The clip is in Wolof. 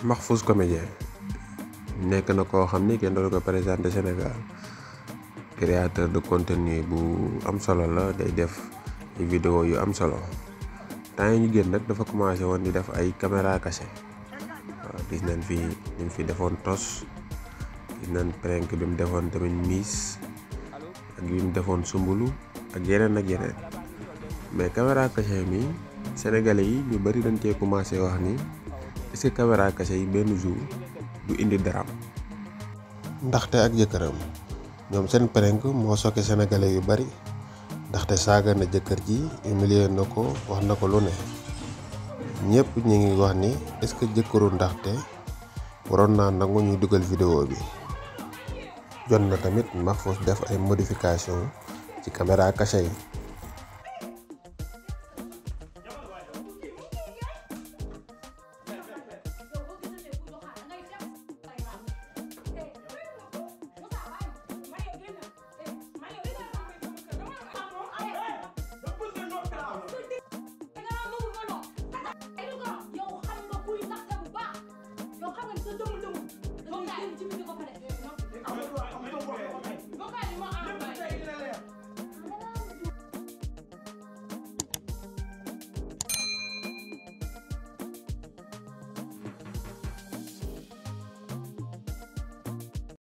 Mahfouz comédien nekk na koo xam ni kenn doon ko présenté Sénégal créateur de contenu bu am solo la day def ay vidéo yu am solo temps yi ñu génn nag dafa commencé di def ay caméra cachée gis nañ fi ñu fi defoon tos gis nañ prank bi mu defoon tamit miis ak bi mu defoon sumbulu ak yeneen ak yeneen mais caméra cachée mi Sénégalais yi ñu bari dañ commencé wax ni. est-ce que yi benn jour indi daraam. ndaxte ak jëkkëram ñoom seen prank moo sokke sénégalais yu bari ndaxte saaga na jëkkër ji humilier na ko wax na ko lu ne ñëpp ñi ngi wax ni est-ce que jëkkëru ndaxte waroon naa nangu ñuy dugal vidéo bi jot na tamit Mahfouss def ay modification ci caméra cachée yi. Jimmy, Jimmy, go, go, go.